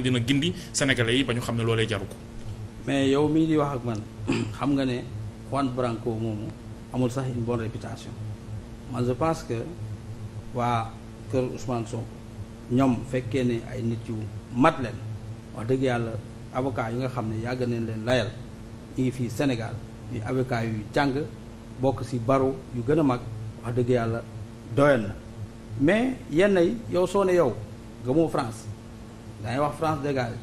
ne dina gindi sénégalais yi ba ñu xam ne loolee jaru ko. mais yow mii di wax ak man xam nga ne Juan Branco moomu amul sax une bonne réputation man je pense que waa kër Ousmane Sonko ñoom fekkee ne ay nit yu mat leen wax dëgg yàlla avocat yi nga xam ne yàgg nañ leen layal ñu ngi fii Sénégal ñuy avocat yu jàng bokk ci barreau yu gën a mag wax dëgg yàlla doyal na mais yenn yi yow soo ne yow gëmoo France dangay wax France dégage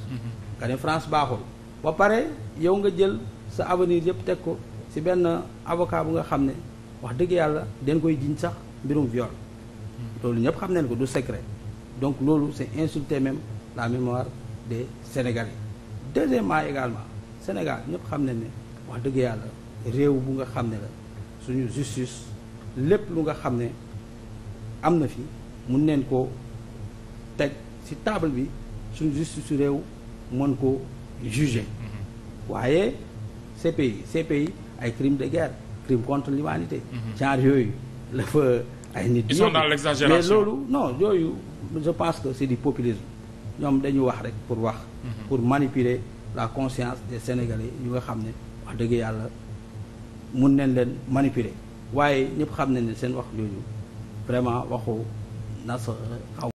nga ne France baaxul ba pare yow nga jël sa avenir yëpp teg ko ci benn avocat bu nga xam ne wax dëgg yàlla den koy jiñ sax mbirum viol loolu ñëpp xam nañ ko du secret donc loolu c'est insulter même la mémoire des Sénégalais deuxièmement également Sénégal ñëpp xam nañ ne wax dëgg yàlla réew bu nga xam ne la suñu justice lépp lu nga xam ne am na fi mun neen koo teg ci table bi suñu justice réew mën ko juger mm-hmm. waaye CPI CPI ay crime de guerre crime contre l'humanité mm-hmm. genre yooyu la fa ay nit ils sont dans l'exagération mais loolu non yooyu je pense que c'est du populisme ñoom dañu wax rek pour wax mm-hmm. pour manipuler la conscience des Sénégalais yu nga xam ne wax dëgg yàlla mun neen leen manipuler waaye ñëpp xam nañ ne seen wax yooyu vraiment waxu na xaw